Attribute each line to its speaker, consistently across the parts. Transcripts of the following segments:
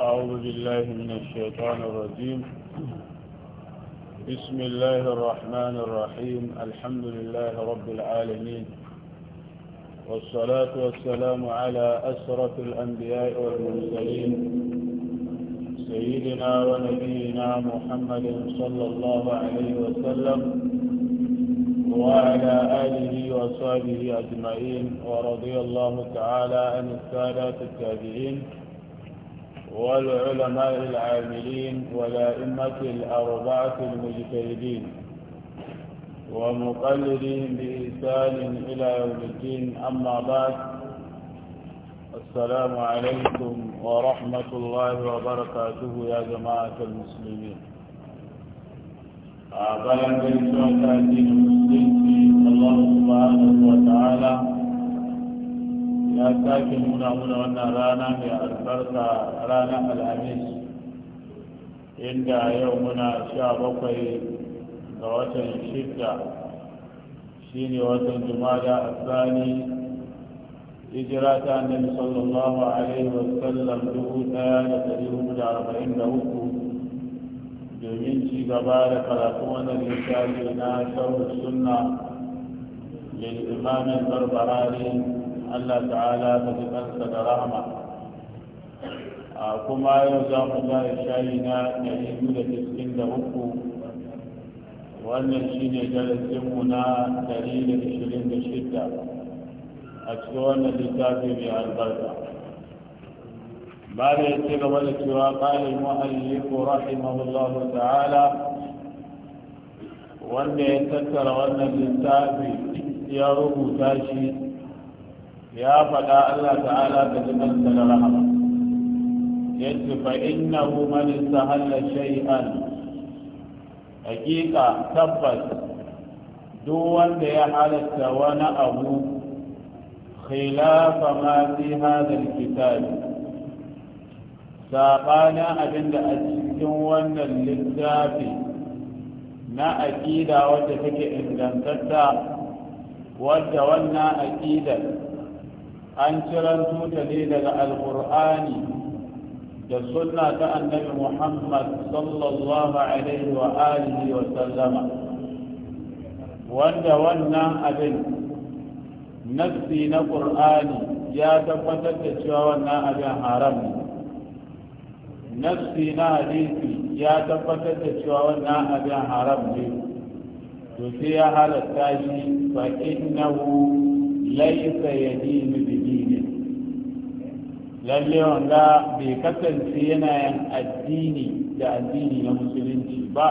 Speaker 1: أعوذ بالله من الشيطان الرجيم بسم الله الرحمن الرحيم الحمد لله رب العالمين والصلاة والسلام على أسرة الأنبياء والمرسلين سيدنا ونبينا محمد صلى الله عليه وسلم وعلى آله وصحبه أجمعين ورضي الله تعالى عن السادات التابعين والعلماء العاملين والأئمة الأربعة المجتهدين ومقلدين بإحسان إلى يوم الدين أما بعد السلام عليكم ورحمة الله وبركاته يا جماعة المسلمين أعظم من شهداء المسلمين الله سبحانه وتعالى ya sake nuna muna wannan rana mai albarka ranar alhamis inda yau muna sha bakwai ga watan shidda shi ne watan jumada a tsani hijira ta annabi sallallahu alaihi wasallam dubu daya da dari hudu da arba'in da uku domin ci gaba da karatu wannan littafi na shawarar sunna lil imamin barbarari Allah ta'ala ta ji kansa da rahama a kuma yau za mu ga shayi na ɗari biyu da tiskin da uku wannan shi ne darasinmu na ɗari da ishirin da shidda a cikin wannan littafi mai albarka بعد يتبع الاتباع قال المؤلف رحمه الله تعالى wanda ya tattara wannan littafi ya rubuta shi ya faɗa Allah ta'ala da jimansa da rahama ce, fa innahu man istahalla shay'an hakika tabbas duk wanda ya halatta wani abu khilafa ma fi hadha alkitab sabana abinda a cikin wannan littafi na aqida wadda take ingantatta wadda wannan aqidar an ciran ta ne daga alkur'ani da sunna ta annabi muhammad sallallahu alaihi wa alihi wa sallama wanda wannan abin nafsi na ƙur'ani ya tabbatar da cewa wannan abin haram ne nafsi na hadisi ya tabbatar da cewa wannan abin haram ne to sai ya halatta shi fa innahu laysa yadinu bi lalle wanga bai kasance yana yin addini da addini na musulunci ba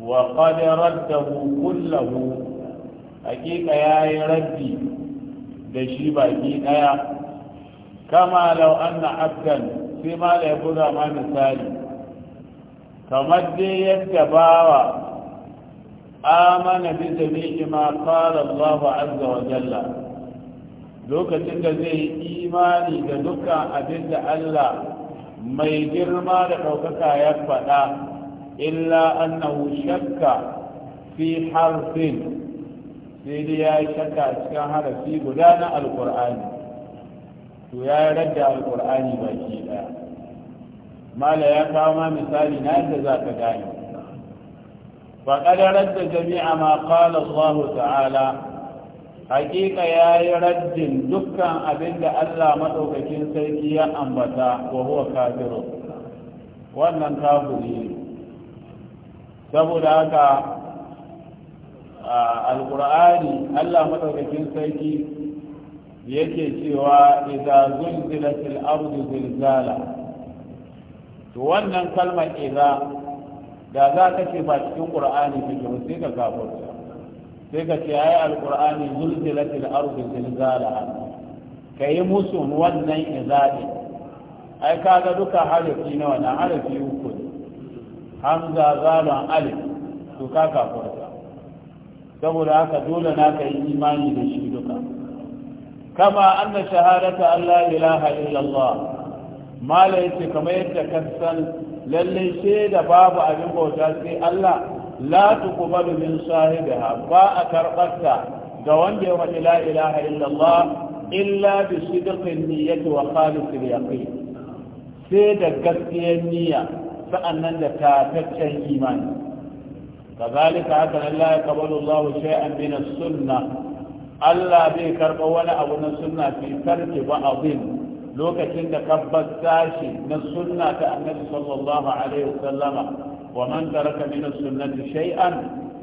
Speaker 1: wa da raddahu kullahu hakika yi rabbi da shi baki ɗaya. kama law anna abdan sai ma da ya buga ma misali kamar dai yadda bawa amana bi jami'i ma qala Allahu azza wa jalla lokacin da zai yi imani da dukkan abin da Allah mai girma da ɗaukaka ya faɗa illa annahu shakka fi harfin sai dai ya yi shakka cikin harafi guda na alkur'ani to ya yi radda alkur'ani baki ɗaya mala ya kawo ma misali na yadda za ka gane faƙadar da jami'a ma ƙala Allah ta'ala hakika ya yi raddin dukkan abin da Allah maɗaukakin sarki ya ambata wa huwa kafiru wannan kafiri saboda haka alƙur'ani Allah maɗaukakin sarki yake cewa idza zulzilatil ardu zilzala to wannan kalmar idza da za ka ce ba cikin ƙur'ani take ba sai ka kafirta sai ka ce ayi alqur'ani zulzilatil ardu zilzalaha kai musu wannan izali ai kaga duka harafi na wannan harafi uku hamza zalun alif to ka kafurta saboda haka dole na kai imani da shi duka kama anna shahadata Allah ilaha illallah mala yace kamar yadda kan san lalle shaida babu abin bauta sai Allah la tuqbalu min sahibiha ba a karɓarta ga wanda ya wani la illallah illa bi sidqin niyyati wa khalisil yaqin sai da gaskiyar niyya sa'annan da tataccen imani kazalika haka nan la yaqbalu Allah shay'an min as-sunnah Allah bai karɓa wani abu na sunna fi ba abin lokacin da kabbar tashi na sunna ta annabi sallallahu alaihi wasallama wa man taraka min as-sunnati shay'an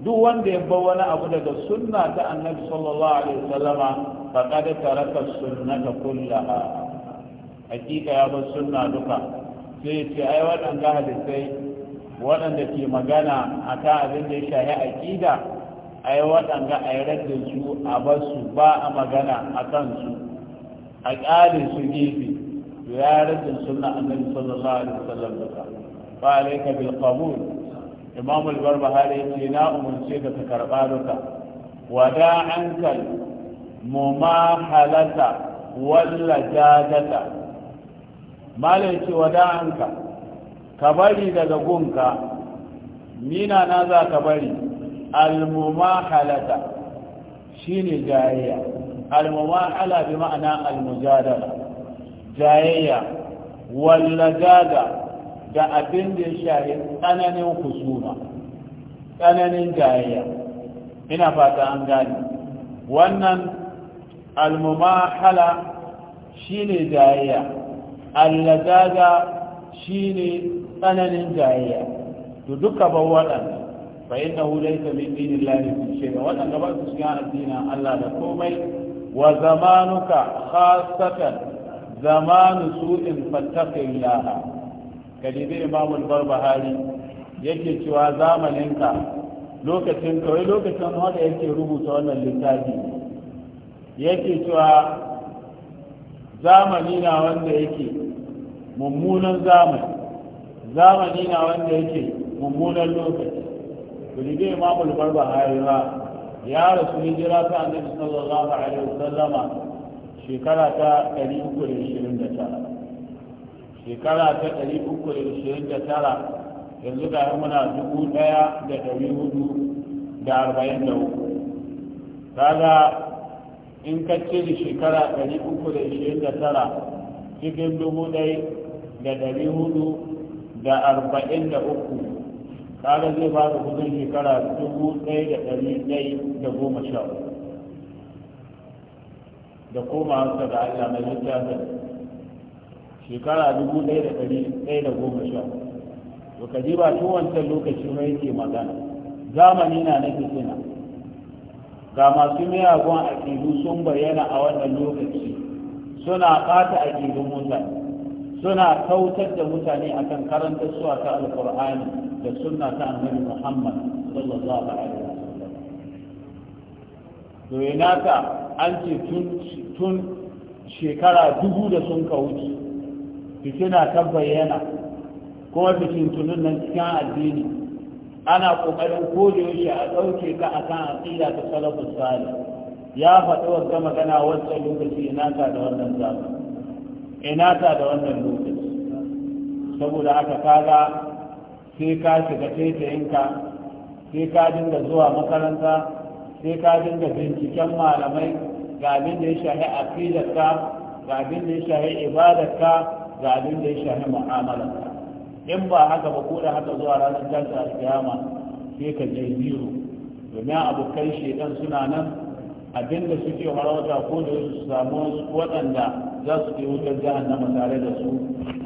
Speaker 1: duk wanda ya bar wani abu daga sunna ta annabi sallallahu alaihi wasallama faqad taraka sunnata kullaha hakika ya bar sunna duka sai ce ai waɗanda hadisai waɗanda ke magana akan abin da ya shahi aqida ai waɗanda ai raddin su a ba su ba a magana akan su a ƙalin su gefe ya raddin sunna annabi sallallahu alaihi wasallam duka fa alayka bil qabul imam al barbahari ce na umarce da ka karba wada ankal mumahalata walla jadata malai ce wada anka ka bari daga gunka mina na za ka bari shine jayayya bi ma'ana al jayayya walla jada da abin da ya shahi tsananin husuma tsananin jayayya ina fata an gane wannan almumahala shine jayayya allazaza shine tsananin jayayya to duka ban waɗanda fa innahu laysa min dinillahi fi shay'in waɗanda ba su shiga addinin Allah da komai wa zamanuka khassatan zamanu su'in fattaqillaha ka dibi imamul barbahari yake cewa zamaninka lokacin kawai lokacin wanda yake rubuta wannan littafi yake cewa zamani na wanda yake mummunan zamani zamani na wanda yake mummunan lokaci ku dibi imamul barbahari ba ya rasu hijira ta annabi sallallahu alaihi wasallama shekara ta 329 shekara ta ɗari uku da ishirin da tara yanzu ga muna dubu ɗaya da ɗari hudu da arba'in da uku kaga in ka cire shekara ɗari uku da ishirin da tara cikin dubu ɗaya da ɗari hudu da arba'in da uku kaga zai ba da kudin shekara dubu ɗaya da ɗari ɗaya da goma sha da hausa da Allah na littafin shekara dubu ɗaya da ɗari ɗaya da goma sha to ka ji ba tun wancan lokaci ma yake magana zamani na na fitina ga masu miyagun aƙidu sun bayyana a wannan lokaci suna ƙata aƙidun mutane suna kautar da mutane akan karanta suwa ta alƙur'ani da sunna ta annabi muhammad sallallahu alaihi wasallam to yana ka an ce tun shekara dubu da sun ka wuce fitina ta bayyana kuma tunun nan cikin addini ana ƙoƙarin kode yaushe a ɗauke ka a kan aƙida ta salafin salih ya faɗi wata magana wancan lokaci ina ta da wannan zama ina ta da wannan lokaci saboda aka kaga sai ka shiga taitayinka sai ka dinga zuwa makaranta sai ka dinga binciken malamai ga abin da ya shahi aƙidarka ga abin da ya shahi ibadarka ga abin da ya shafi mu'amala in ba haka ba ko da haka zuwa ranar tashi alkiyama sai ka je biro. domin abokan shedan suna nan abin da suke harauta ko da su samu waɗanda za su ke wutar na tare da su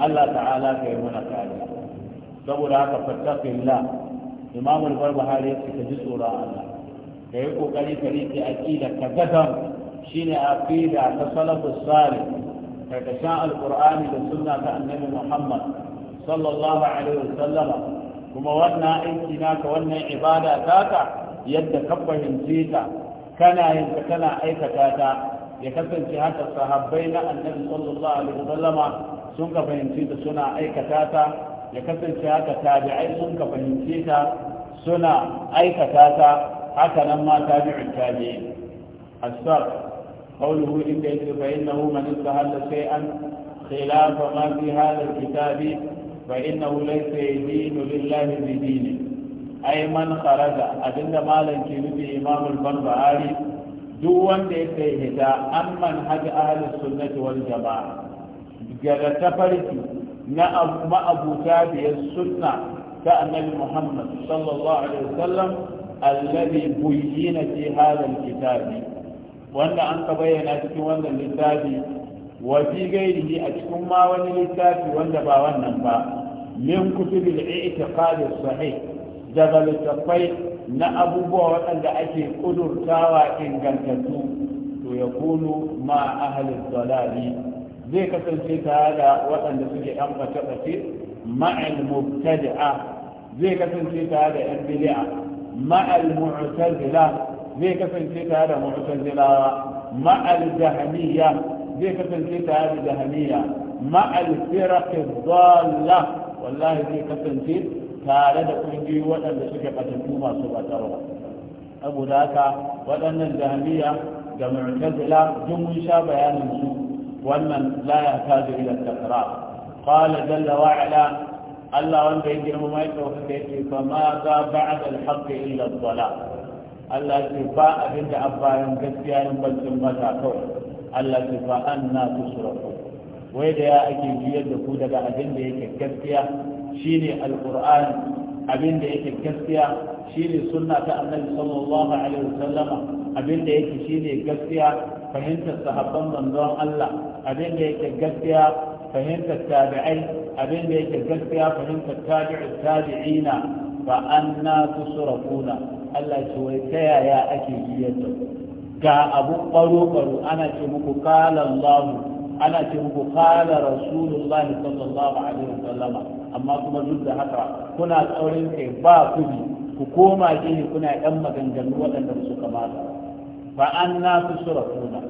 Speaker 1: Allah ta'ala ka yi mana kare saboda haka fattaqillah imamu al-barbahari ya ce ka ji tsoron Allah ka yi kokari ka rike akida ka gadar shine aqida ta salafus salih daga Alƙur'ani alkur'ani da sunna ta annabi muhammad sallallahu alaihi wasallama kuma wannan aiki naka wannan ibada taka yadda ka fahimce ta kana yin kana aikata ta ya kasance haka sahabbai na annabi sallallahu alaihi wasallama sun ka fahimce ta suna aikata ta ya kasance haka tabi'ai sun ka fahimce ta suna aikata ta haka nan ma tabi'in tabi'in asar قوله إن كيف فإنه من استهل شيئا خلاف ما في هذا الكتاب فإنه ليس يدين لله بدينه أي من خرج أدن مالا كنبي إمام البربهاري duk wanda ya kai hida an manhaj ahli sunnati wal jama'a daga tafarki na ma'abuta biyar sunna ta annabi muhammad sallallahu alaihi wasallam alladhi buyyina fi hadha alkitab wanda an ka bayyana cikin wannan littafi wa fi gairihi a cikin ma wani littafi wanda ba wannan ba min kutubil i'tiqad sahih daga littafai na abubuwa waɗanda ake kudurtawa ingantattu to ya kunu ma ahalin dalali zai kasance tare da waɗanda suke ɗan ɓace-ɓace ma'al mubtadi'a zai kasance tare da 'yan bid'a ma'al mu'tazila zai kasance tare da mu'tazilawa ma'al jahmiya zai kasance tare da jahmiya ma'al firaq dhalla wallahi zai kasance tare da kungiyoyi waɗanda suke batattu masu batarwa saboda haka waɗannan jahmiya da mu'tazila duk mun sha bayanin su wannan la ya ta da ila takrar qala jalla wa ala Allah wanda yake girma mai ɗaukaka yake fa ma za ba'da al haqq illa ad-dhalal Allah ce ba abin da abbayan gaskiya in bancin mata kawai Allah ce fa anna tusrafu wai da ya ake biyar da ku daga abin da yake gaskiya shine alqur'ani abin da yake gaskiya shine sunna ta annabi sallallahu alaihi wasallama abin da yake shine gaskiya fahimtar sahabban manzon Allah abin da yake gaskiya fahimtar tabi'ai abin da yake gaskiya fahimtar tabi'i tabi'ina fa anna tusrafuna Allah ce wai ta yaya ake biyar da ga abu ɓaro-ɓaro ana ce muku kala Allah ana ce muku kala Rasulullah sallallahu alaihi wasallama amma kuma duk da haka kuna tsaurin kai ba ku ku koma gini kuna ɗan maganganu waɗanda su kamata ba an na su surakuna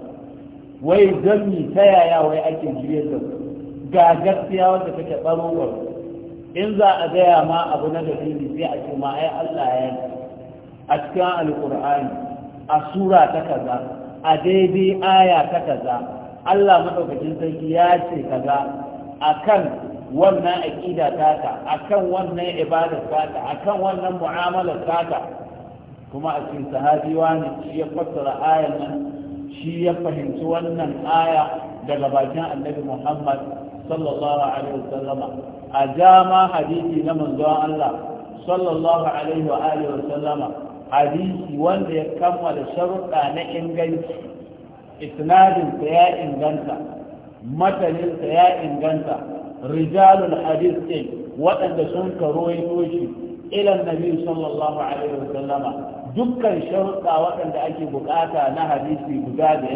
Speaker 1: wai gami ta yaya wai ake biyar da ga gaskiya wanda take ɓaro-ɓaro in za a gaya ma abu na dalili sai a ce ma ai Allah ya yi a cikin alƙur'ani a sura ta kaza a daidai aya ta kaza Allah maɗaukacin sarki ya ce kaza akan wannan aƙida taka akan wannan ibadar taka akan wannan mu'amalar taka kuma a cikin sahabiwa ne shi ya fassara ayan nan shi ya fahimci wannan aya daga bakin annabi Muhammad sallallahu alaihi wasallama a jama hadisi na manzon Allah sallallahu alaihi wa alihi wasallama hadisi wanda ya kammala sharuɗa na inganci isnadinsa ya inganta mataninsa ya inganta rijalul hadis ɗin waɗanda sun karo shi ilan nabi sallallahu alaihi wa sallama dukkan sharuɗa waɗanda ake buƙata na hadisi guda da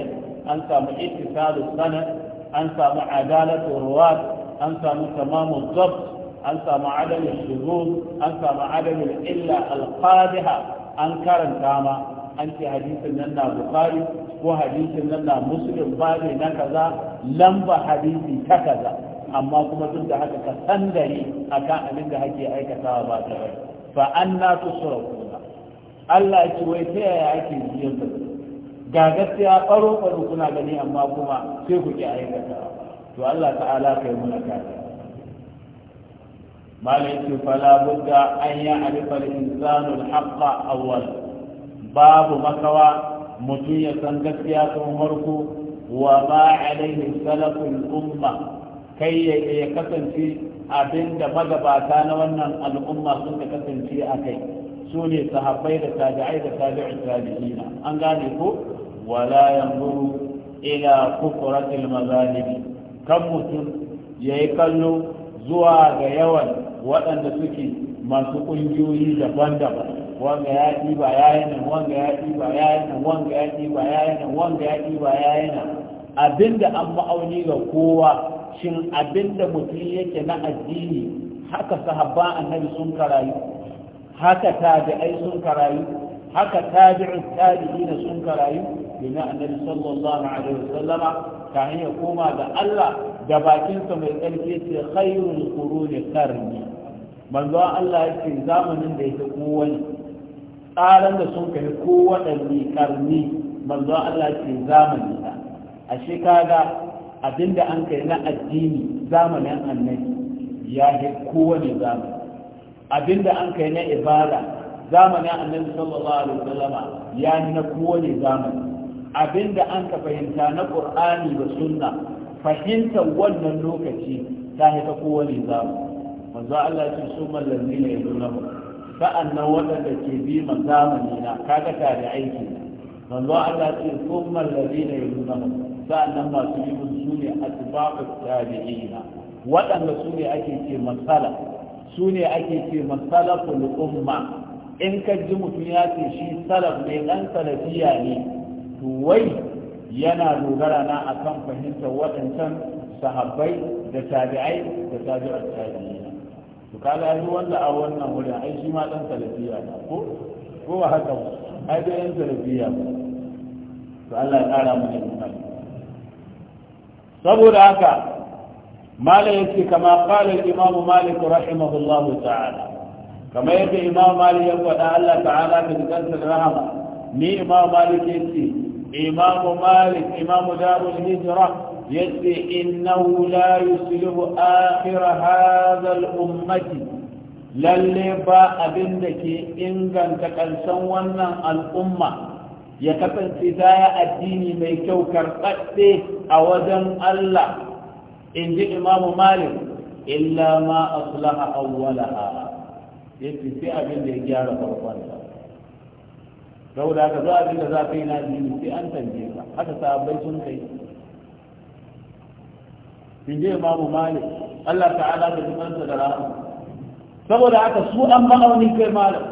Speaker 1: an samu ittisalu sanad an samu adalatu ruwat an samu tamamu zabt an samu adalin shuzuz an samu adamin illa alqadiha an karanta ma an ce hadisin nan na bukari ko hadisin nan na muslim ba ne na kaza lamba hadisi ta kaza amma kuma duk da haka ka dare akan abin da hake aikatawa ba ta rai fa anna tusrakuna Allah ya ce wai ta yaya ake biyan da ga gaskiya baro baro kuna gani amma kuma sai ku ki aikatawa to Allah ta'ala kai muna kafin malaki fala budda an ya alifa insanu alhaqqa awwal babu makawa mutum ya san gaskiya tun farko wa ma alaihi salaful umma kai ya kasance abinda magabata na wannan al'umma suka kasance a kai su ne sahabbai da tabi'ai da tabi'in tabi'ina an gane ko wala yanzuru ila kufratil mazalibi kan mutum yayi kallo zuwa ga yawan waɗanda suke masu ƙungiyoyi daban-daban wanga ya ɗiba ya yi nan wanga ya ɗiba ya yi nan wanga ya ɗiba ya yi nan wanga ya ɗiba ya yi nan abinda an ma'auni ga kowa shin abinda mutum yake na addini haka sahabba annabi sun karayu haka tabi'ai sun karayu haka tabi'u tabi'ina sun karayu domin annabi sallallahu alaihi wasallama ta hanyar koma ga Allah da bakinsa mai tsarki ce khairul quruni qarni manzo Allah ya ce zamanin da yake kowani tsarin da sun kai kowaɗanne karni manzo Allah ya ce zamani da a shekara abinda an kai na addini zamanin annabi ya yi kowane zamani abinda an kai na ibada zamanin annabi sallallahu alaihi wasallama ya yi na kowane zamani abinda an ka fahimta na qur'ani da sunna fahimtar wannan lokaci ta haifa kowane zamani manzo Allah ce su mallami ne nuna mu. sa'an nan waɗanda ke bi man zamani na kaga tare aiki manzo Allah ce su mallami ne nuna mu. sa'an nan masu yi mun su ne asbabu tabi'ina waɗanda su ne ake ce masala su ne ake ce masalaful umma in ka ji mutum ya ce shi salaf ne ɗan salafiya ne to wai yana dogara na akan fahimtar waɗancan sahabbai da tabi'ai da tabi'ar tabi'i kaga yi wanda a wannan wurin ai shi ma dan salafiya na ko ko ba haka ba ai da yan salafiya ba to Allah ya kara mu da saboda haka mala yake kama qala al-imam malik rahimahullahu ta'ala kama yadda imam malik ya faɗa Allah ta'ala ka jikansa rahama ni imam malik yace imam malik imam darul hijra yace innahu la yuslihu akhir hadha al-ummati lalle ba abin da ke inganta ƙarshen wannan al'umma ya kasance taya addini mai kyau karɓaɗe a wajen Allah in ji imamu malik illa ma aslaha awwalaha yace sai abin da ya gyara saboda haka za abin da za yi na addini sai an tambaye ka haka sahabbai sun kai inji imamu malik Allah ta'ala da jimansa da rahama saboda haka su an ma'aunin kai malam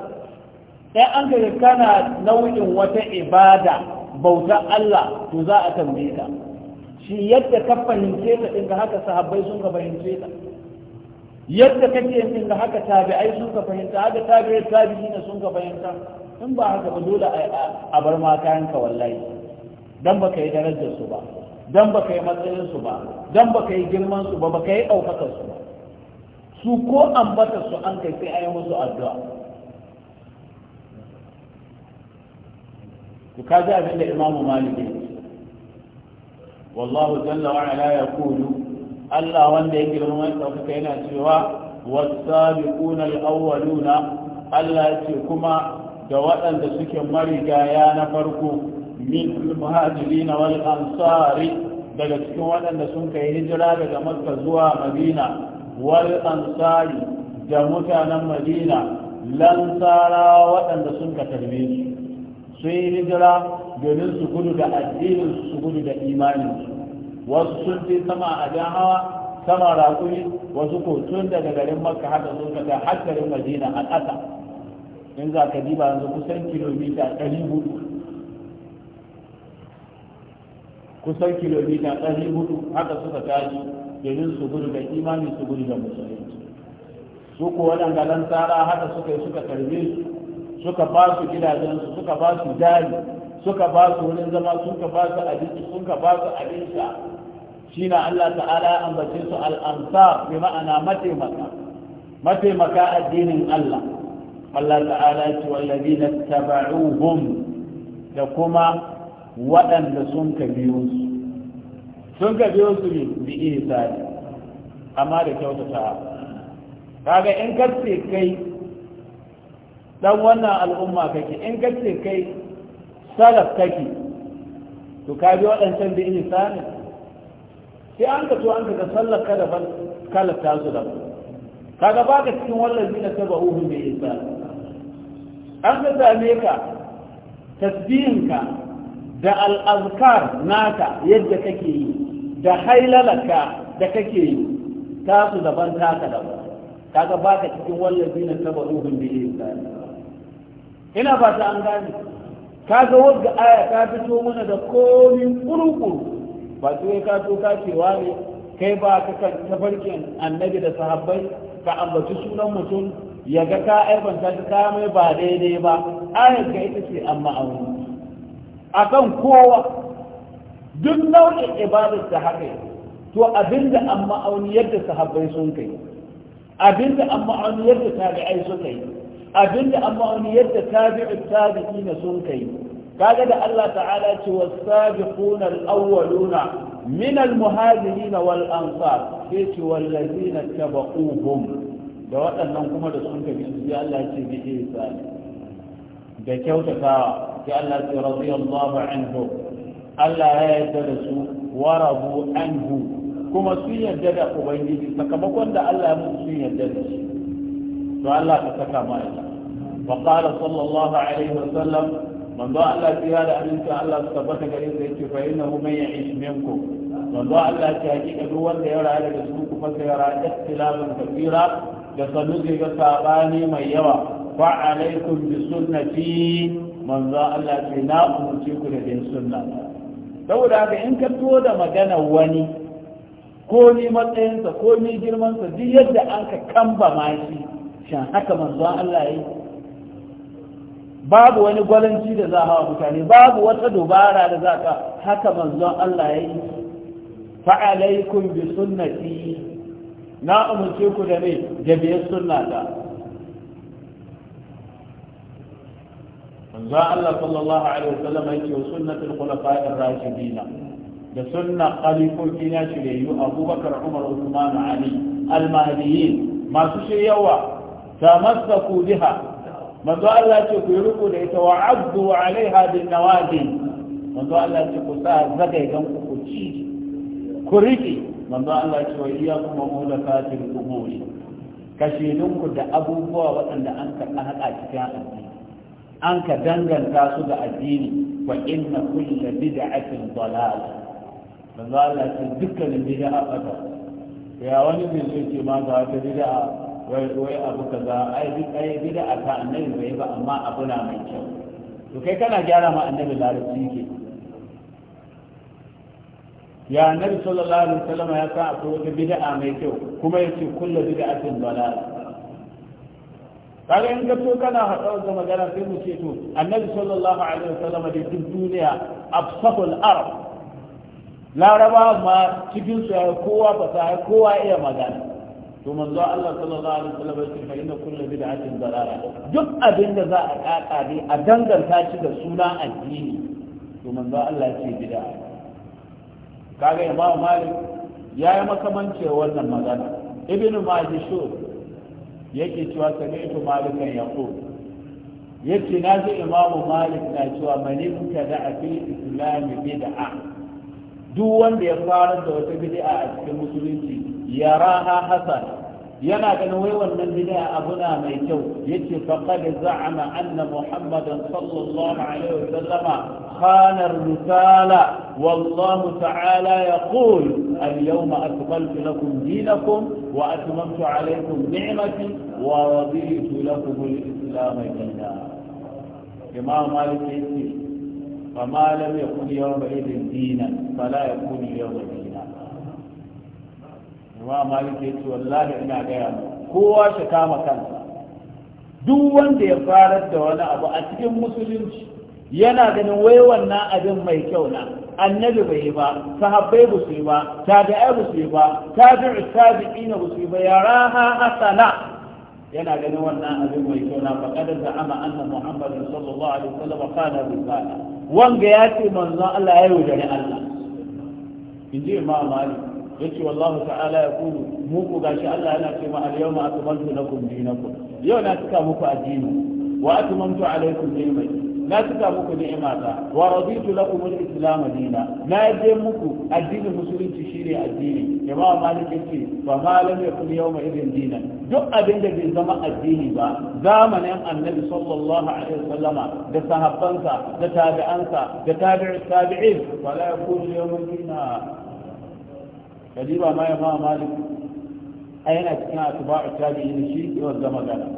Speaker 1: sai an ga kana nau'in wata ibada bautar Allah to za a tambaye ka shi yadda ka fahimce ta din ga haka sahabbai sun ka fahimce ta yadda kake in ga haka tabi'ai sun ka fahimta haka tabi'ai tabi'ina sun ka fahimta in ba haka ba dole a bar ma kayan ka wallahi dan baka yi darajar su ba dan ba ka yi matsayinsu ba dan ba ka yi girmansu ba ba ka yi ɗaukakarsu ba su ko su an kai sai yi musu addu'a ku ka ji abin da imamu malik wallahu jalla wa ala ya allah wanda ya girma mai ɗaukaka yana cewa wasabiquna al-awwaluna allah ya ce kuma da waɗanda suke marigaya na farko min al-muhajirin wal ansari daga cikin waɗanda sun kai hijira daga makka zuwa madina wal ansari da mutanen madina lansara waɗanda sun ka tarbe su sun yi hijira domin su gudu da addinin su gudu da imanin wasu sun fi sama a jan hawa sama raƙuri wasu ko tun daga garin makka haka sun ka kai har garin madina a ƙasa in za ka diba yanzu kusan kilomita ɗari hudu kusan kilomita ɗari hudu haka suka tashi domin su gudu da imanin su gudu da musulunci su ko waɗanda tsara haka suka yi suka karbe su suka ba su gidajensu suka ba su jari suka ba su wurin zama suka ba su abinci suka ba su abin sha shi na Allah ta'ala ya ambace su al'amsa bi ma'ana mataimaka mataimaka addinin Allah Allah ta'ala ya ce wallazina tabauhum da kuma waɗanda sun ka biyo su sun ka biyo su bi tsari. amma da kyautata kaga in ka ce kai dan wannan al'umma kake in ka ce kai salaf kake to ka bi waɗancan bi tsari. sai an ka to an ka ga sallar ka daban ta su daban kaga ka cikin zina ta ba uhun bi tsari. an ka same ka tasbihinka da al'azkar naka yadda kake yi da hailalaka da kake yi ta su daban taka daban kaga ka cikin wallafi na saba ruhun da yin ina ba ta an gane kaga wadda aya ta fito mana da komin kurukuru ba su ka to ka cewa ne kai ba ka kan tabarkin annabi da sahabbai ka ambaci sunan mutum yaga ga ka aibanta mai ba daidai ba ayar ka ita ce amma aure akan kowa duk nau'in ibadar da haka to abinda an ma'auni yadda sahabbai sun kai abinda an ma'auni yadda tabi'ai suka yi abinda an ma'auni yadda tabi'u tabi'ina sun kai kaga da Allah ta'ala ce was-sabiquna al-awwaluna من المهاجرين والأنصار يتي والذين اتبعوهم da waɗannan kuma da sun kafi su ya Allah ce bi ihsani da kyautatawa sai Allah ya radiyallahu anhu Allah ya yarda da su wa rabu anhu kuma sun yarda da ubangiji sakamakon da Allah ya mutu sun yarda da shi to Allah ka saka mu Allah wa qala sallallahu alaihi wa sallam manzo Allah ya da aminci Allah ya tabbata gare su yake fa innahu man ya'ish minkum manzo Allah ya hakika duk wanda ya rayu daga su kuma sai ya rayu ikhtilafan kabira da sanu zai ga sabani mai yawa bi suna fi, فعليكم بسنتي من ذا الله تنا أمتيكم لدين سنة saboda haka in ka fito da magana wani ko ni matsayinsa ko ni girmansa duk yadda an ka kamba ma shi shan haka manzo Allah yi babu wani gwalanci da za a hawa mutane babu wata dubara da za ka haka manzo Allah ya yi fa'alaikum bi suna fi. na umarci ku da me da biyar sunnata manzo Allah sallallahu alaihi wasallam yake sunnatul khulafa'ir rashidin da sunna khalifofi na shiryu Abubakar Umar Uthman Ali al-mahdiyyin masu shiryawa tamassaku biha manzo Allah ce ku yi riko da ita wa abdu alaiha bin nawadi manzo Allah ce ku sa zagai dan ku ku ci ku rike manzo Allah ce wa iya kuma mulakatil umuri kashidun ku da abubuwa waɗanda an karɓa haƙa cikin addini an ka danganta su da addini wa inna kulla bid'atin dalal manzo Allah ce dukkanin bid'a bata ya wani bin zai ce ma ga wata bid'a wai wai abu kaza ai duk ai bid'a ta annabi bai ba amma abu na mai kyau to kai kana gyara ma annabi larabci ke ya annabi sallallahu alaihi wasallam ya sa akwai wata bid'a mai kyau kuma yace kulla bid'atin dalal kaga in ka so kana haɗa da magana sai mu ce to annabi sallallahu alaihi wasallam da cikin duniya absahul arab laraba ma cikin su kowa ya kowa iya magana to manzo Allah sallallahu alaihi wasallam ya ce fa inna kullu bid'atin dalala duk abin da za a kaka ne a danganta shi da suna addini to manzo Allah ya ce bid'a kaga Imam Malik ya yi makamancewa wannan magana ibnu Majishur yake cewa sami'tu malikan yaqul yace na ji imamu malik na cewa Malik ka da a fil islami bid'a duk wanda ya fara da wata bid'a a cikin musulunci ya raha hasana yana ganin wai wannan bid'a abuna mai kyau yace faqad za'ama anna muhammadan sallallahu alaihi wa sallama khana ar-risala wallahu ta'ala yaqul al-yawma akmaltu lakum dinakum wa atmamtu alaykum ni'mati wa raditu lakum al-islam dinan imam malik yace فما لم يكن يومئذ دينا فلا يكون اليوم دينا kuma malik ya ce wallahi ina gaya kowa shi kama kansa duk wanda ya farar da wani abu a cikin musulunci yana ganin wai wannan abin mai kyau na annabi bai yi ba sahabbai ba su yi ba tabi'ai ba su yi ba tabi'u tabi'ina ba su yi ba yara ha hasana yana ganin wannan abin mai kyau na fa kada da ama anna muhammadin sallallahu alaihi wasallam kana risala wanga ya ce manzon Allah ya yaudare Allah in ji imam malik yace wallahu ta'ala ya kulu mu gashi Allah yana cewa al yawma akmaltu lakum dinakum yau na cika muku addini wa atmamtu alaykum ni'mati na muku wa raditu lakum al-islam dina na je muku addinin musulunci shine addini jama'a malik yace fa ma lam yakun yawma idin dina duk abin da bai zama addini ba zamanin annabi sallallahu alaihi wasallama da sahabbansa da tabi'ansa da tabi'i tabi'in wala yawma dina kadiba ma ya fama malik a yana cikin atuba a tabi'in shi yawan zama magana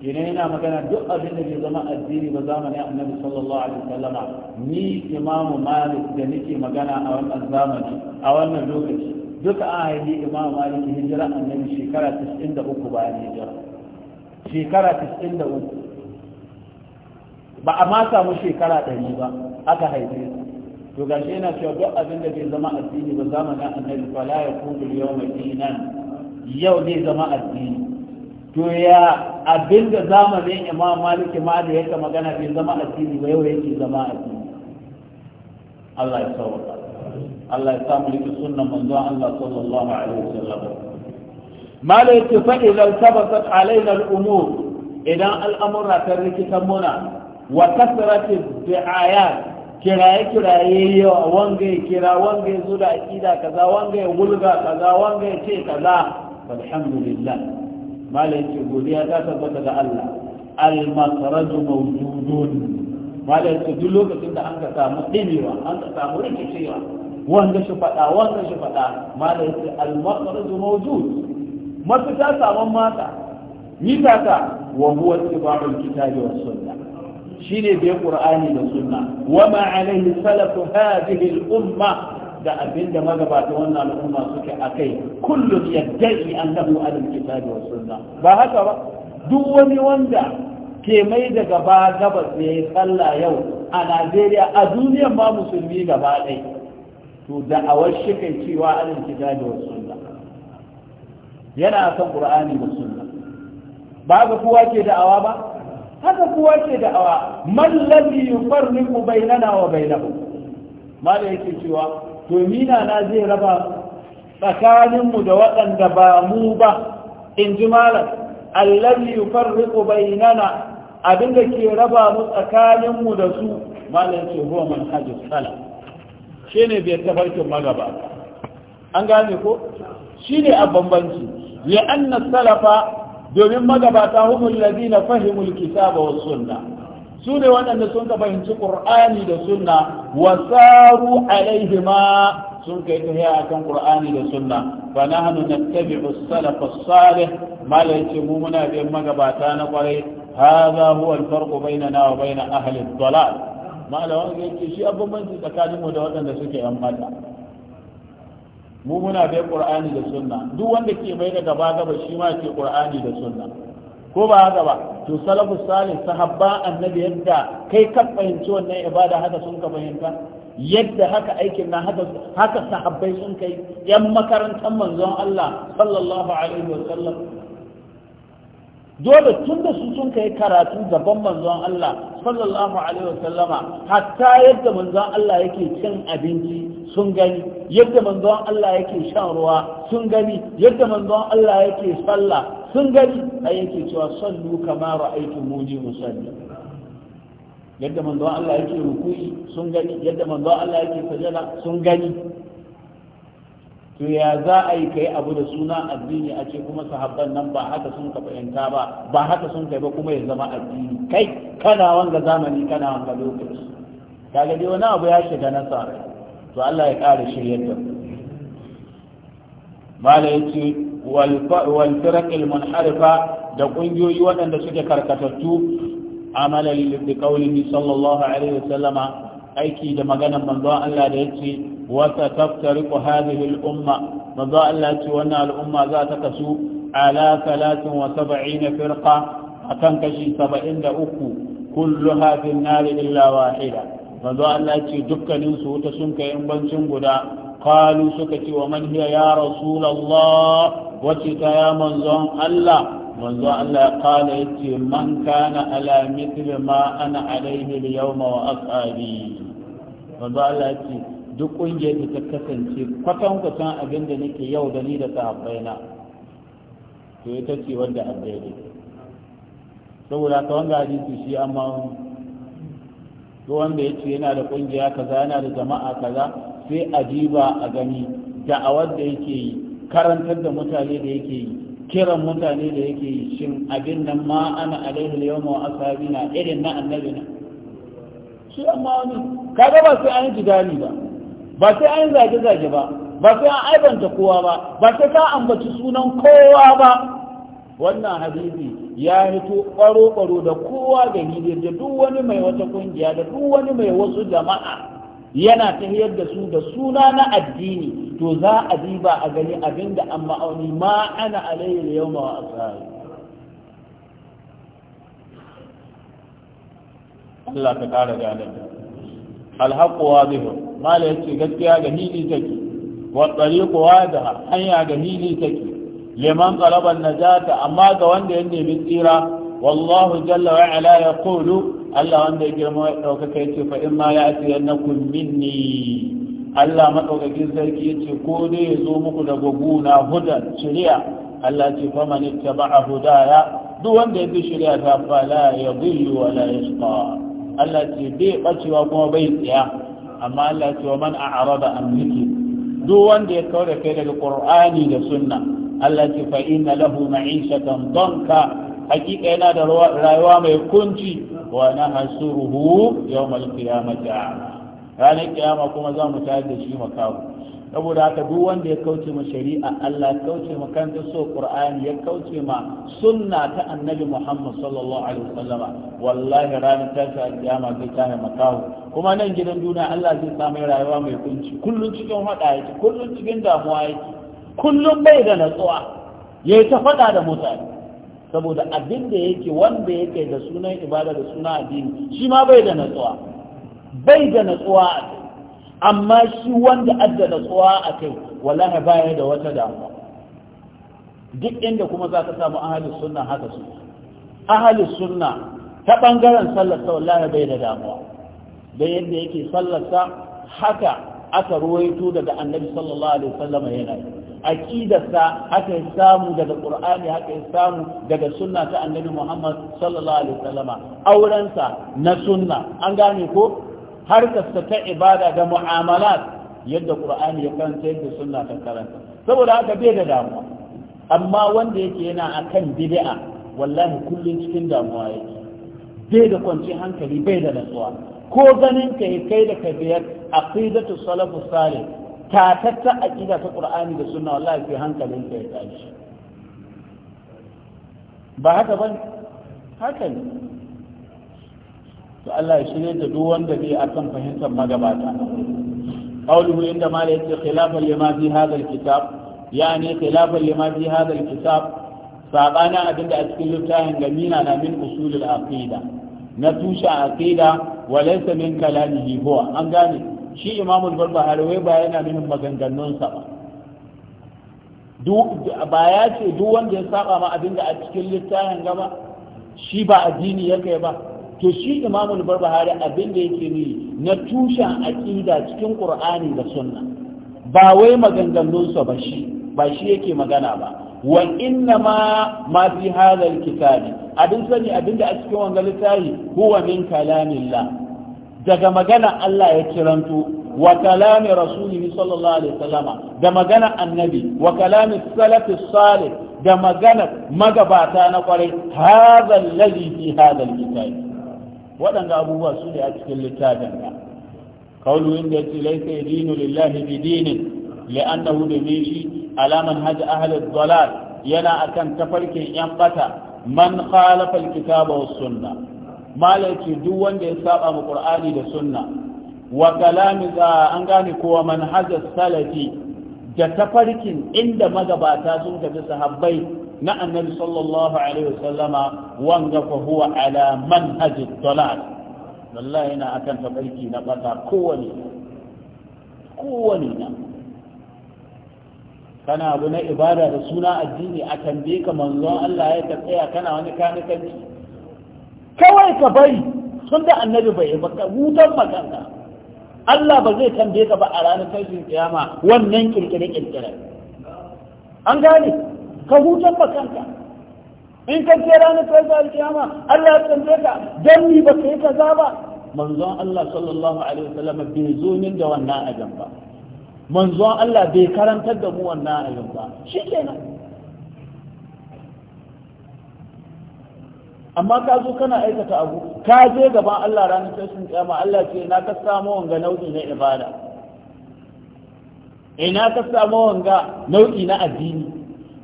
Speaker 1: kenan yana magana duk abin da bai zama addini ba zamanin annabi sallallahu alaihi wasallam ni imamu malik da nake magana a wannan zamani a wannan lokaci duka an haifi imamu malik hijira annabi shekara 93 bayan hijira shekara 93 ba a ma samu shekara 100 ba aka haife su to ga shi yana cewa duk abin da bai zama addini ba zama na annabi ba la ya kuma yau mai dinan yau ne zama addini to ya abin da zamanin imam malik ma da yake magana bai zama addini ba yau yake zama addini Allah ya sauka Allah ya samu liki sunnan manzo Allah sallallahu alaihi wasallam mala yake fa idan sabatat alaina al'umur idan al'amura ta rikita muna wa kasratu ad-du'ayat kiraye-kiraye yawa wanga ya kira wanga ya zo da aƙida kaza wanga ya gulga kaza wanga ya ce kaza alhamdulillah malai ce godiya ta tabbata ga Allah al-masaraju mawjudun malai ce duk lokacin da an ka samu dimewa an ka samu rikicewa wanga shi fada wanga shi fada malai ce al-masaraju mawjud mafita saman mata ni ta ta wa huwa tibabul kitabi was sunnah shine bai qur'ani da sunna wa ma alaihi salatu hadhihi al-umma da abinda magabata wannan al'umma suke akai kullum yadda'i annahu al-kitabi wa sunna ba haka ba duk wani wanda ke mai da gaba gabas ne sallah yau a najeriya a duniyar ma musulmi gaba ɗai to da awar shikan cewa alin kita da sunna yana son qur'ani da sunna ba ga kowa ke da'awa ba haka kuwa ce da'awa ku yufarriqu bainana wa ma da yake cewa to mina na zai raba tsakaninmu da waɗanda ba mu ba in ji malam allazi yufarriqu bainana abinda ke raba mu tsakaninmu da su malam ce huwa manhajus ne biyar ta tafarkin magaba an gane ko Shi ne a bambanci ya na salafa domin magabata humul ladina fahimul kitaba was sunna su ne waɗanda sun ka fahimci qur'ani da sunna wasaru alaihima sun kai ta a kan qur'ani da sunna fa nahnu nattabi'u as-salaf as-salih malaice mu muna bin magabata na kwarai hadha huwa al baina bainana wa bain ahli ad-dalal malawan yake shi abun banci tsakaninmu da waɗanda suke yan mata mu muna bai qur'ani da sunna duk wanda ke bai da gaba gaba shi ma ke qur'ani da sunna ko ba haka ba to salafu salih sahabba annabi yadda kai kan fahimci wannan ibada haka sun ka fahimta yadda haka aikin na haka haka sahabbai sun kai yan makarantar manzon Allah sallallahu alaihi sallam. dole tun da su sun kai karatu gaban manzon Allah sallallahu alaihi wasallama hatta yadda manzon Allah yake cin abinci sun gani yadda manzon Allah yake shan ruwa sun gani yadda manzon Allah yake sallah sun gani ai yake cewa sallu kama ra'aytu muni musalli yadda manzon Allah yake ruku'i sun gani yadda manzon Allah yake sajada sun gani to ya za a yi kai abu da suna addini a ce kuma sahabban nan ba haka sun ka fahimta ba ba haka sun kai ba kuma ya zama addini kai kana wanga zamani kana wanga lokaci kaga dai wani abu ya shiga nasa to Allah ya ƙara shiryar da mala yace wal firaq al munharifa da kungiyoyi waɗanda suke karkatattu amala li qawlihi sallallahu alaihi wasallama aiki da maganar manzon Allah da yace وستفترق هذه الأمة مضاء التي وانا الأمة ذات كسو على 73 فرقة أكن كشي 73 كلها في النار إلا واحدة مضاء التي دكا ننسو تسنك ينبن سنبدا قالوا سكتي ومن هي يا رسول الله وتك يا منزون الله منزون الله قال يتي من كان على مثل ما أنا عليه اليوم وأصحابي manzo Allah ya ce duk ƙungiyar da ta kasance kwatankwatan abin da nake yau da ni da sahabbaina to ita ce wanda a ne saboda ka wanga hadisi shi amma to wanda ya ce yana da ƙungiya kaza yana da jama'a kaza sai a diba a gani da da'awar da yake yi karantar da mutane da yake yi kiran mutane da yake yi shin abin nan ma ana alaihi yawma wa irin na annabi na shi amma wani kaga ba sai an ji dani ba ba sai an zage-zage ba ba sai an aibanta kowa ba ba sai ka ambaci sunan kowa ba wannan hadisi ya hito ɓaro-ɓaro da kowa da hidiyar da duk wani mai wata kungiya da duk wani mai wasu jama'a yana tahiyar da su da suna na addini to za a diba a gani abin da an ma'auni ma ana alayhi da wa ma Allah ta kara ganar alhaqu wadihun mala yace gaskiya ga hili take wa tariqu hanya ga hili take liman qalaba najata amma ga wanda ya nemi tsira wallahu jalla wa ala yaqulu Allah wanda ya girma ya dauka kai ce fa in ma ya'ti annakum minni Allah madaukakin sarki yace ko dai ya zo muku da goguna hudan shari'a Allah ce fa man ittaba'a hudaya duk wanda ya bi shari'a ta fa la yadhillu wala ya Allah ce bai bacewa kuma bai tsaya amma Allah ce wa man a'rada an zikri duk wanda ya kaura kai daga Qur'ani da Sunna Allah ce fa inna lahu ma'ishatan danka hakika yana da rayuwa mai kunci wa nahsuruhu yawmal qiyamati ranar kiyama kuma za mu tare da shi makawo saboda haka duk wanda ya kauce ma shari'a Allah ya kauce ma kanta so Qur'ani ya kauce ma sunna ta Annabi Muhammad sallallahu alaihi wasallama wallahi ranar tashi alƙiyama zai kare makaho kuma nan gidan duniya Allah zai sa mai rayuwa mai kunci kullun cikin hada yake kullun cikin damuwa yake kullun bai da natsuwa yayi ta fada da mutane saboda abin da yake wanda yake da sunan ibada da sunan addini shi ma bai da natsuwa bai da natsuwa amma shi wanda adda tsuwa a kai wallahi baya da wata damuwa duk inda kuma za ka samu ahalus sunna haka su ahalus sunna ta bangaren sallarsa wallahi bai da damuwa da yadda yake sallarsa haka aka ruwaito daga annabi sallallahu alaihi wasallam yana aqidarsa aka yi samu daga qur'ani aka yi samu daga sunna ta annabi muhammad sallallahu alaihi wasallam aurensa na sunna an gane ko harkarsa ta ibada da mu'amalat yadda qur'ani ya karanta yadda sunna ta karanta saboda haka bai da damuwa amma wanda yake yana akan bid'a wallahi kullun cikin damuwa yake bai da kwanci hankali bai da natsuwa ko ganin ka kai da ka biyar aqidatu salafu salih tatatta aqida ta qur'ani da sunna wallahi sai hankalin ka ya tashi ba haka bane haka ne to Allah ya shirye da duk wanda zai bai akan fahimtar magabata qawluhu inda ma la yati khilafan lima fi hadha alkitab yani khilafan lima fi hadha alkitab sabana abinda a cikin littafin gamina na min usul al-aqida na tushen aqida wa laysa min kalamihi huwa an gane shi Imam al-barbahari wai ba yana nufin maganganunsa ba ba ya ce duk wanda ya saba ma abinda a cikin littafin gaba shi ba addini ya kai ba to shi imamul barbahari abin da yake ni na tushen aqida cikin qur'ani da sunna ba wai maganganunsa ba shi ba shi yake magana ba wa inna ma ma fi hadha alkitabi abin sani abin da a cikin wannan littafi huwa min kalamillah daga magana Allah ya kiranto wa kalami rasulihi sallallahu alaihi wasallama da magana annabi wa kalami salafi salih da magana magabata na kwarai hadha allazi fi hadha alkitabi waɗanda abubuwa su ne a cikin littafin ka kaulu da ya ce laisa dinu lillahi bi dinin hudu domin shi alaman hajji ahalin dolar. yana akan tafarkin yan bata man khalafa alkitaba sunna Malamci duk wanda ya saba mu qur'ani da sunna wa kalami za an gane kowa man hajji salafi da tafarkin inda magabata sun tafi sahabbai na annabi sallallahu alaihi wasallama wanga fa huwa ala manhajid dalal wallahi yana akan tabarki na bata kowane kowane na kana abu na ibada da suna addini a tambaye ka manzon Allah ya ta tsaya kana wani kanikanci kawai ka bari sun da annabi bai ba ka hutan makanka Allah ba zai tambaye ka ba a ranar tashin kiyama wannan kirkire kirkire an gane ka hutar ba kanka in ka ce ranar farko alkiyama Allah ya tsanke ka dan ni ba kai kaza ba manzon Allah sallallahu alaihi wasallam bai zo min da wannan ajan ba manzon Allah bai karantar da mu wannan ajan ba shikenan amma ka zo kana aikata abu ka je gaban Allah ranar tashin kiyama Allah ce na ka samu wanga nau'i na ibada ina ka samu wanga nau'i na addini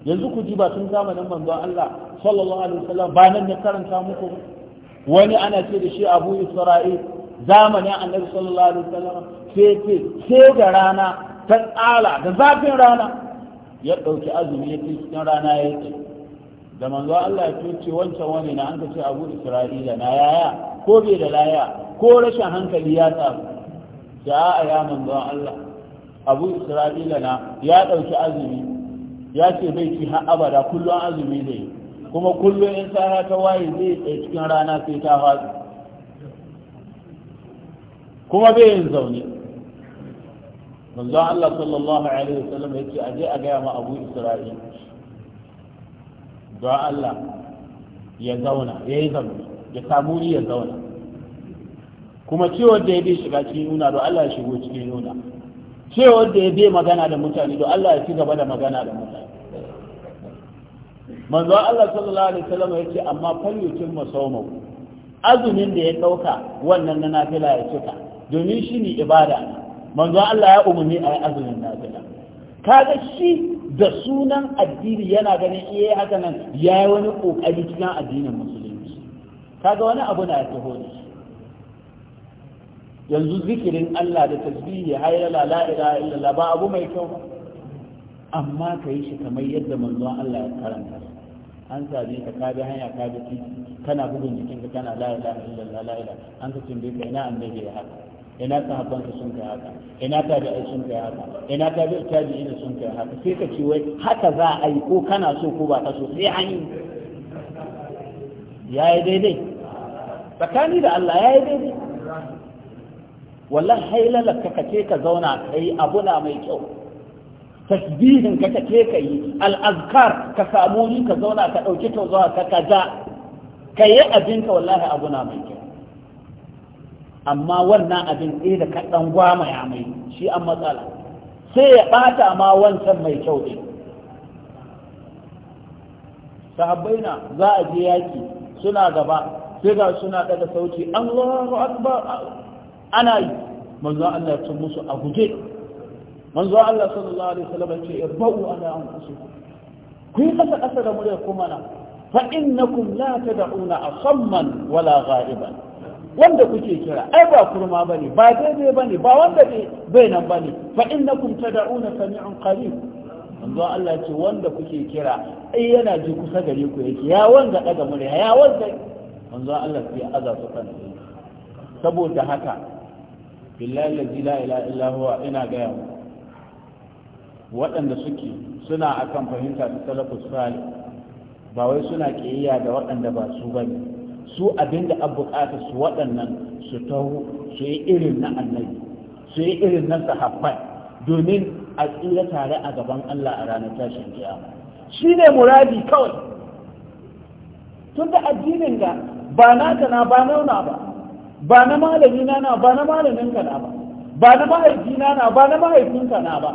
Speaker 1: yanzu ku ji ba tun zamanin manzo Allah sallallahu alaihi wasallam ba nan ne karanta muku wani ana ce da shi Abu Isra'il zamanin Annabi sallallahu alaihi wasallam sai ce sai da rana ta tsala da zafin rana ya dauki azumi ya kai cikin rana ya yi da manzo Allah ya ce wancan wani na an ka ce Abu Isra'il na yaya ko bai da laya ko rashin hankali ya tsaru da a ya manzo Allah Abu Isra'il na ya dauki azumi ya ce bai ci har abada kullum azumi zai kuma kullum in sa ta waye zai tsaye cikin rana sai ta hatsu kuma bai yin zaune manzon Allah sallallahu alaihi wasallam ya ce aje a gaya ma Abu Isra'il don Allah ya zauna ya yi zaune ya samu ni ya zauna kuma cewar da ya bi shiga cikin nuna don Allah ya shigo cikin nuna cewar da ya bi magana da mutane don Allah ya ci gaba da magana da mutane manzo Allah sallallahu alaihi wasallam yace amma falyucin masawmu azumin da ya dauka wannan na nafila ya cika domin shi ne ibada manzo Allah ya umumi a azumin nafila kaga shi da sunan addini yana ganin eh haka nan yayi wani kokari cikin addinin musulunci kaga wani abu na taho shi? yanzu zikirin Allah da tasbihi hayyala la ilaha illallah ba abu mai kyau ba amma ka yi shi kamar yadda manzon Allah ya karanta an same ka ka bi hanya ka bi kana bugun jikin ka kana la ilaha illallah la ilaha an ka tambaye ka ina annabi ya haka ina sahabban ka sun kai haka ina tabi'ai sun kai haka ina tabi'ai tabi'ina sun kai haka sai ka ce wai haka za a yi ko kana so ko ba ka so sai an yi yayi daidai tsakani da Allah yayi daidai wallahi hailalar ka kace ka zauna kai abuna mai kyau tasbihin ka ta ke kai al'azkar ka samu ni ka zauna ka ɗauki zuwa ka kaza ka yi abinka wallahi abu na mai kyau amma wannan abin ɗaya da kaɗan gwama ya mai shi an matsala sai ya ɓata ma wancan mai kyau ɗin sahabbai na za a je yaki suna gaba sai ga suna ɗaga sauti allahu akbar ana yi manzo Allah ya musu a guje manzo Allah sallallahu alaihi wasallam ce irba'u ala anfusikum ku yi kasa kasa da muryar kuma na fa innakum la tad'una asamman wala ghaiban wanda kuke kira ai ba kurma bane ba daidai bane ba wanda bai nan bane fa innakum tad'una sami'un qarib manzo Allah ce wanda kuke kira ai yana ji kusa gare ku yake ya wanda daga murya ya wanda manzo Allah sai aza su kan saboda haka billahi la ilaha illa huwa ina ga yawa waɗanda suke suna akan fahimta ta salafus salih ba wai suna ƙiyayya da waɗanda ba su ba ne su abinda an buƙata su waɗannan su taho su yi irin na annabi su yi irin na sahabbai domin a tsira tare a gaban Allah a ranar tashin kiyama shi ne muradi kawai tun da addinin ga ba na na ba nauna ba ba na malami na na ba na malamin ka na ba ba na mahaifina na ba na ka na ba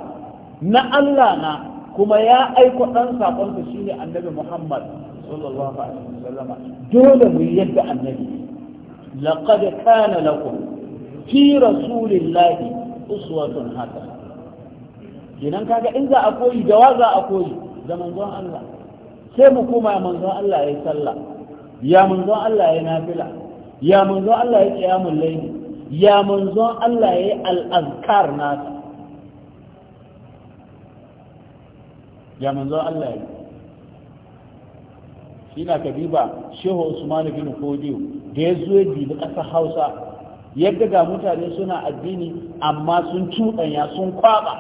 Speaker 1: na Allah na kuma ya aiko ɗan saƙonsa shi ne annabi Muhammad sallallahu alaihi wasallam dole mu yadda annabi laqad kana lakum fi rasulillahi uswatun hasana kenan kaga in za a koyi da wa za a koyi da manzon Allah sai mu koma manzon Allah ya yi sallah ya manzon Allah ya yi nafila ya manzon Allah ya yi qiyamul layl ya manzon Allah ya yi al-azkar nasa ya manzo Allah ya shi na kadiba shehu usman bin kodiyo da ya zo dibi ƙasar hausa yadda ga mutane suna addini amma sun cuɗanya sun kwaƙa,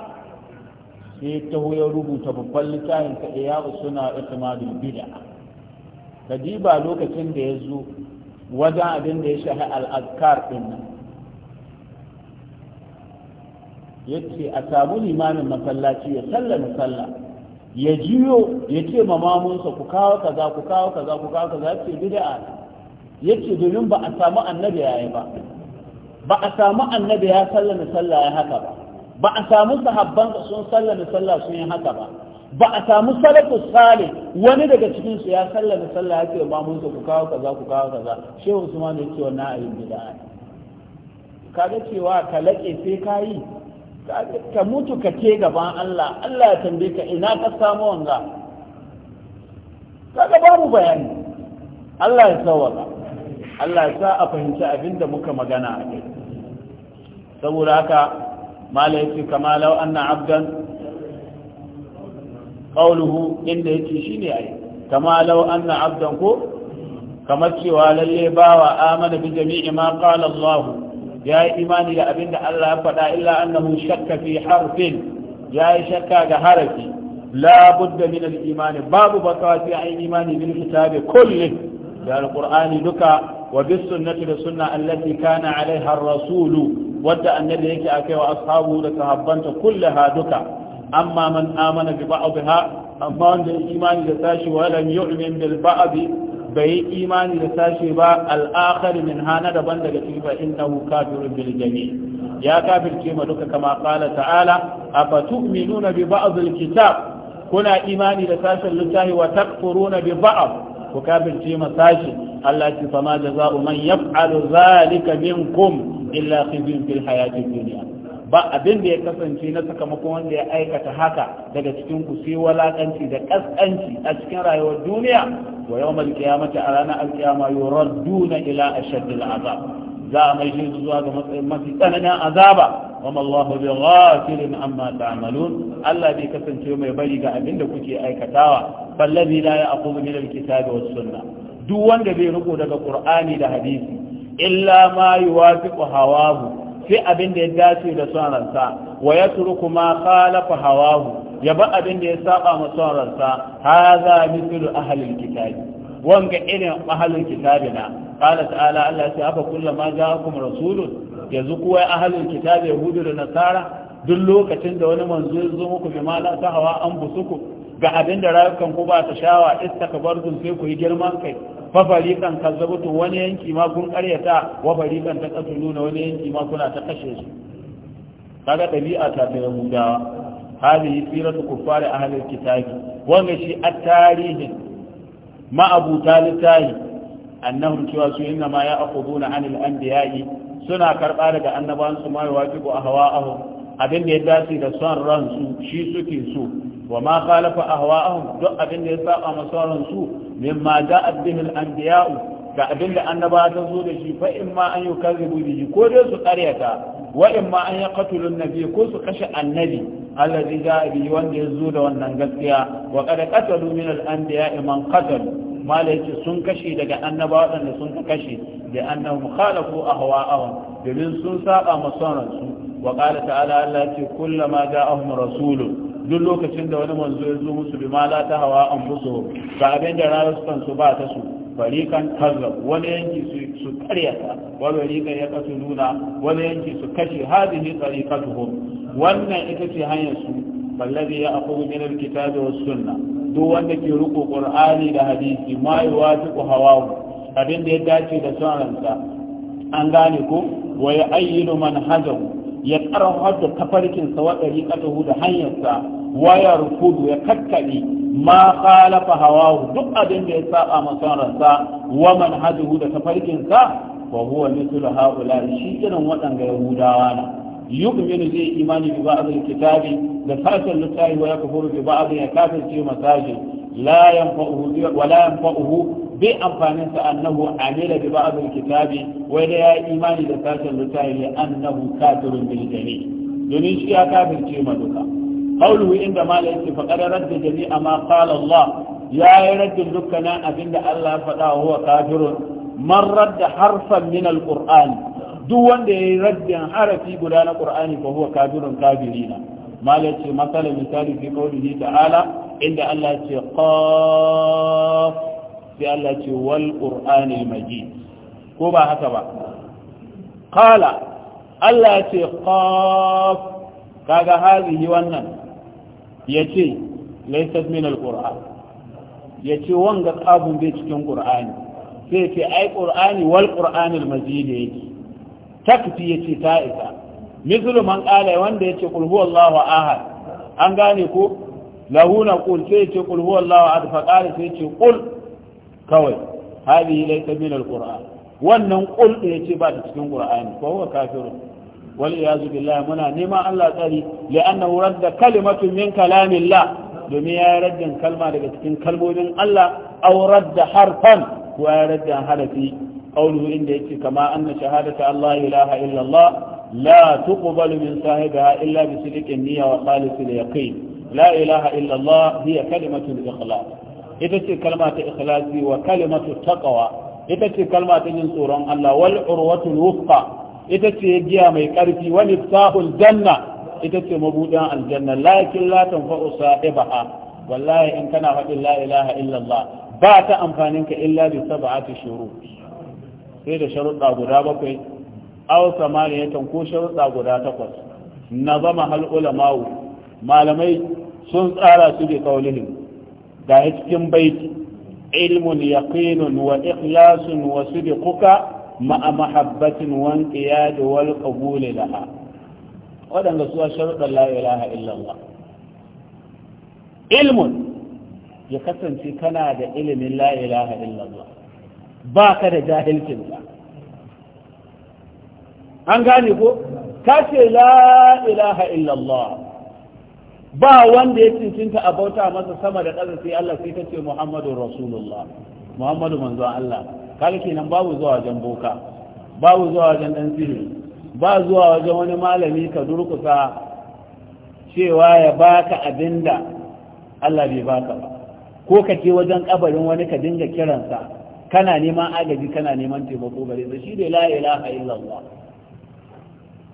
Speaker 1: sai ta ya rubuta babban littafin ka iya suna itimadul bid'a kadiba lokacin da ya zo wajen abin da ya shahi al'adkar ɗin nan ya a samu limanin masallaci ya sallama sallah ya jiyo ya ce mamamunsa ku kawo kaza ku kawo kaza ku kawo kaza ce bid'a ya ce domin ba a samu annabi yi ba ba a samu annabi ya sallama sallah ya haka ba ba a samu sahabban sun sallama sallah sun yi haka ba ba a samu salatu salih wani daga cikin su ya sallama sallah ya ce mamunsa ku kawo kaza ku kawo kaza shehu usman ya ce wannan ayin bid'a kaga cewa ka laƙe sai ka yi ka mutu ka ce gaban Allah Allah ya tambaye ka ina ka samu wanga kaga babu bayani Allah ya sawaka Allah ya sa a fahimci abinda muka magana a kai saboda haka mala yace kama law anna abdan qawluhu inda shi ne a yi. kama law anna abdan ko kamar cewa lalle bawa amana bi jami'i ma qala Allah ya yi imani da abin da Allah ya faɗa illa annahu shakka fi harfin ya yi shakka ga harafi la budda min al-imani babu bakawa sai an imani bil kitabi kullin da alqur'ani duka wa bis sunnati da sunna allati kana alaiha ar-rasul wadda annabi yake akai wa ashabu da sahabbanta kullaha duka amma man amana bi ba'dha amma wanda imani da sashi wa lam yu'min bil ba'd bai yi imani da sashe ba al'akari min hana daban daga cikin fa innahu kafirun bil jami ya kafirce ma duka kama qala ta'ala afatu'minuna bi ba'd kitab kuna imani da sashen littafi wa takfuruna bi ba'd ku kafirce ma sashi Allah ki fama fa ma jaza'u man yaf'alu zalika minkum illa khizyun fil hayatid dunya ba abin da ya kasance na sakamakon wanda ya aikata haka daga cikin ku sai walakanci da kaskanci a cikin rayuwar duniya wa yawmal qiyamati a ranar alkiyama yuradduna ila ashaddil azab za a mai zuwa ga matsayin mafi tsananin azaba wa mallahu bi ghafilin amma ta'malun Allah bai kasance mai bari ga abin da kuke aikatawa fallazi la ya'khudhu min alkitabi was sunnah duk wanda bai riko daga qur'ani da hadisi illa ma yuwafiqu hawahu sai abin da ya dace da son ransa wa ya turku ma khalafa hawahu ya ba abin da ya saba ma son ransa hadha mithlu ahlil kitab wanga irin ahlul kitab na qala ta'ala Allah ya ce afa kullama ja'akum rasulun yanzu kuwa ahlul kitab yahudu da nasara duk lokacin da wani manzo ya zo muku bi ma hawa an busuku ga abin da rayukan ku ba ta shawa ka bar istakbartum sai ku yi girman kai fa fariqan kazzabtum wani yanki ma kun karyata wa fariqan taqtuluna wani yanki ma kuna ta kashe su kaga dabi'a ta ta yahudawa hadihi siratu kuffari ahli alkitab wanda shi at-tarihin ma abu talitai annahum cewa su inna ma ya'khuduna anil anbiya'i suna karba daga annabawan su ma yawafiqu ahwa'ahum abin da ya dace da son ransu shi suke so wa ma khalafa ahwa'ahum duk abin da ya saba masa ransu mimma ja'at bihi al-anbiya'u ga abin da annabawa ta zo da shi fa in ma an yukazzibu bihi ko dai su ƙaryata wa in ma an yaqtulu an-nabi ko su kashe annabi allazi ja'a bihi wanda ya zo da wannan gaskiya wa qad qatalu min al-anbiya'i man qatalu sun kashe daga annaba waɗanda sun kashe da annahu khalafu ahwa'ahum domin sun saba masoransu wa qala ta'ala Allah ce kullama ahun rasulu. duk lokacin da wani manzo ya zo musu bi ma la ta hawa an musu ba abin da rayuwar su ba ta su farikan kaza wani yanki su karyata wa farikan ya kasu nuna wani yanki su kashe hadihi tariqatuhum wannan ita ce hanyar su ballazi ya aqulu min alkitabi was sunnah duk wanda ke riko qur'ani da hadisi ma yuwafiqu hawahu abin da ya dace da son an gane ko wa ya ayyinu manhajahu ya karfar da tafarkin sa wa dariqatahu da hanyarsa wa ya rukudu ya kakkabe ma khalafa hawahu duk abin da ya saba masa ransa wa manhajuhu da tafarkin sa wa huwa mithlu haula shi irin waɗanga yahudawa na yu'minu zai imani bi ba'd kitabi da fasal littafi wa yakfuru bi ba'd ya kafir la yanfa'uhu wa la yanfa'uhu bai amfanin sa annahu amila bi ba'd kitabi wai da ya yi imani da sashen littafi ne annahu kafirun bil jami domin shi ya kafirce ma duka qawluhu inda ma la yake faqad radda jami'a ma qala Allah ya yi raddin dukkanin abinda Allah faɗa huwa kafirun man radda harfan min al duk wanda ya yi raddin harafi guda na qur'ani fa huwa kafirun kafirina mala ce matsalar misali fi qawlihi ta'ala inda Allah ce qaf sai Allah ce wal qur'anil majid ko ba haka ba qala Allah ce qaf kaga hazihi wannan Ya ce yace minal min Ya ce wanga qafun bai cikin qur'ani sai ce ai qur'ani wal qur'anil majid yake takfi ce ta isa mithlu man qala wanda yace qul huwallahu ahad an gane ko Lahuna na qul sai yace qul huwallahu ahad fa qala sai ce qul kawai hadi laysa min alquran wannan qul da yace ba ta cikin qur'ani ko huwa kafirun wal iyaz billah muna nema Allah tsari da radda kalimatu min kalamillah domin ya raddin kalma daga cikin kalmomin Allah aw radda harfan ko ya radda harafi qawluhu inda yake kama anna shahadata Allah ilaha illa Allah la tuqbalu min sahibiha illa bi sidqin niyya wa khalis al yaqin la ilaha illa Allah hiya kalimatu ita ce kalma ta ikhlasi wa kalimatu taqwa ita ce kalma ta yin tsoron Allah wal urwatul wuthqa ita ce giya mai karfi wal iftahul janna ita ce mabudan aljanna lakin la tanfa'u sa'ibaha wallahi in kana faɗin la ilaha illallah ba ta amfanin ka illa bi sab'ati shurut sai da sharuɗa guda bakwai aw samaniyatan ko sharuɗa guda takwas nazama hal ulama'u malamai sun tsara su bi kaulihim ga cikin baiti ilmun yaqinun wa ikhlasun wa sidquka ma'a mahabbatin wa inqiyad wal qabul laha wadanda su sharuɗan la ilaha illallah ilmun ya kasance kana da ilimin la ilaha illallah ba ka da jahilcin ka an gane ko ka ce la ilaha illallah ba wanda ya cincinta a bauta masa sama da ƙasa sai Allah sai ta ce Muhammadu Rasulullah Muhammadu manzo Allah kaga kenan babu zuwa wajen boka babu zuwa wajen dan sihiri ba zuwa wajen wani malami ka durkusa cewa ya baka abinda Allah bai baka ba ko ka je wajen kabarin wani ka dinga kiransa kana neman agaji kana neman taimako gare shi da la ilaha illallah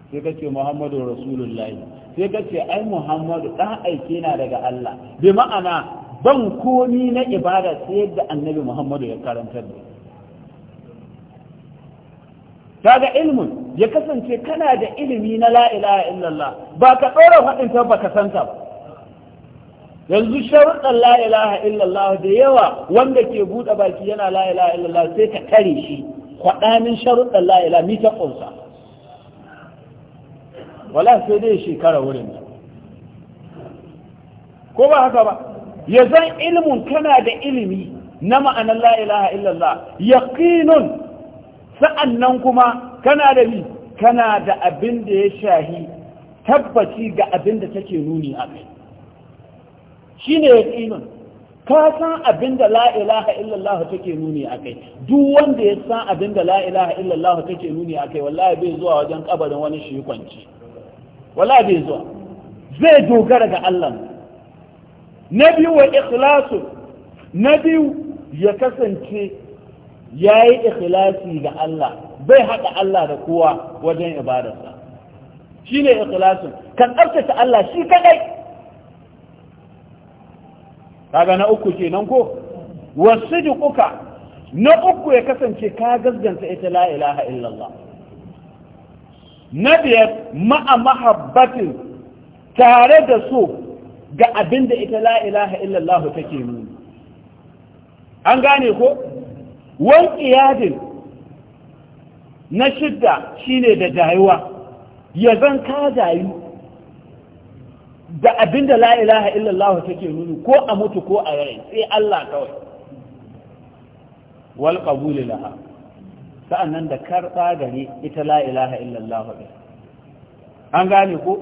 Speaker 1: sai ka ce Muhammadu Rasulullah sai ka ce ai muhammadu ɗan aiki na daga Allah bi ma'ana ban komi na ibada sai yadda annabi muhammadu ya karantar da kaga ilmin ya kasance kana da ilimi na la illallah ba ka ɗora faɗin ta ba ka santa ba yanzu sharuɗan la illallah da yawa wanda ke buɗe baki yana la illallah sai ka kare shi kwaɗanin sharuɗan la ni ta ƙunsa wala sai dai shekara wurin ko ba haka ba ya zan ilimin kana da ilimi na ma'anar la ilaha illallah yaqinun sa'annan kuma kana da bi kana da abin da ya shahi tabbaci ga abin da take nuni a kai shine yaqinun ka san abin da la ilaha illallah take nuni a kai duk wanda ya san abin da la ilaha illallah take nuni a kai wallahi bai zuwa wajen kabarin wani shi kwanci wala bai zuwa zai dogara ga Allah na biyu wa ikhlasu na biyu ya kasance ya yi ikhlasi ga Allah bai haɗa Allah da kowa wajen ibadarsa shi ne ikhlasun kan tsabtace Allah shi kadai kaga na uku kenan ko wasu na uku ya kasance ka gaskanta ita la ilaha illallah na biyar ma'a mahabbatin tare da so ga abin da ita la ilaha take nuni an gane ko Wani iyadin na shidda shine da dayuwa ya zan ka dayu da abin da la ilaha take nuni ko a mutu ko a rai sai Allah kawai wal qabul laha sa'annan da karɓa gari ita lailaha illallah ɗin an gane ku.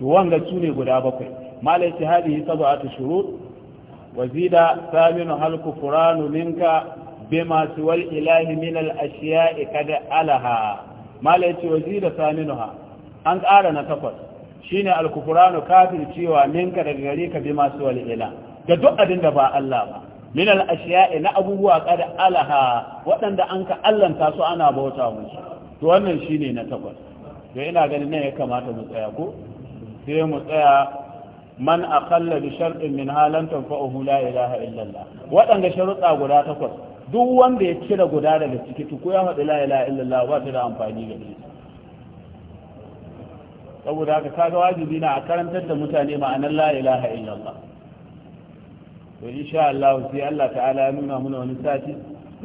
Speaker 1: wanga su ne guda bakwai malai ce hadi a shurut wa zida saminu hal ninka minka bima siwal ilahi min al ashiya'i kad alaha malai ce wa zida saminuha an ƙara na takwas shine al kufranu kafin cewa ninka daga gare ka bima siwal ilah da duk abin da ba Allah ba min al na abubuwa qad alaha waɗanda an ka allanta su ana bauta musu to wannan shine na takwas to ina ganin nan ya kamata mu tsaya ko sai mu tsaya man aqalla bi sharɗin min halan tanfa'uhu la ilaha illa Allah waɗanda sharuɗa guda takwas duk wanda ya cire guda daga ciki to ko ya faɗi la ilaha illa ba ta da amfani ga shi saboda haka kaga wajibi na a karantar da mutane ma'anar la ilaha illa to insha Allah sai Allah ta'ala ya nuna muna wani sati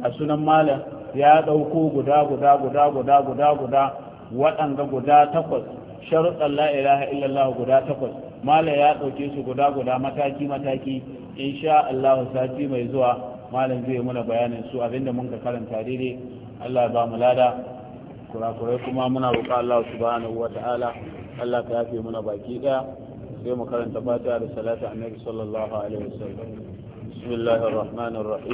Speaker 1: a sunan malam ya dauko guda guda guda guda guda guda waɗanda guda takwas sharuɗan la ilaha illallah guda takwas malam ya dauke su guda guda mataki mataki insha Allah sati mai zuwa malam zai muna bayanin su abinda mun ka karanta daidai Allah ba mu lada kurakurai kuma muna roƙa Allah subhanahu wa ta'ala Allah ta yafe muna baki ɗaya يوم قال انتبهت على صلاة النبي صلى الله عليه وسلم بسم الله الرحمن الرحيم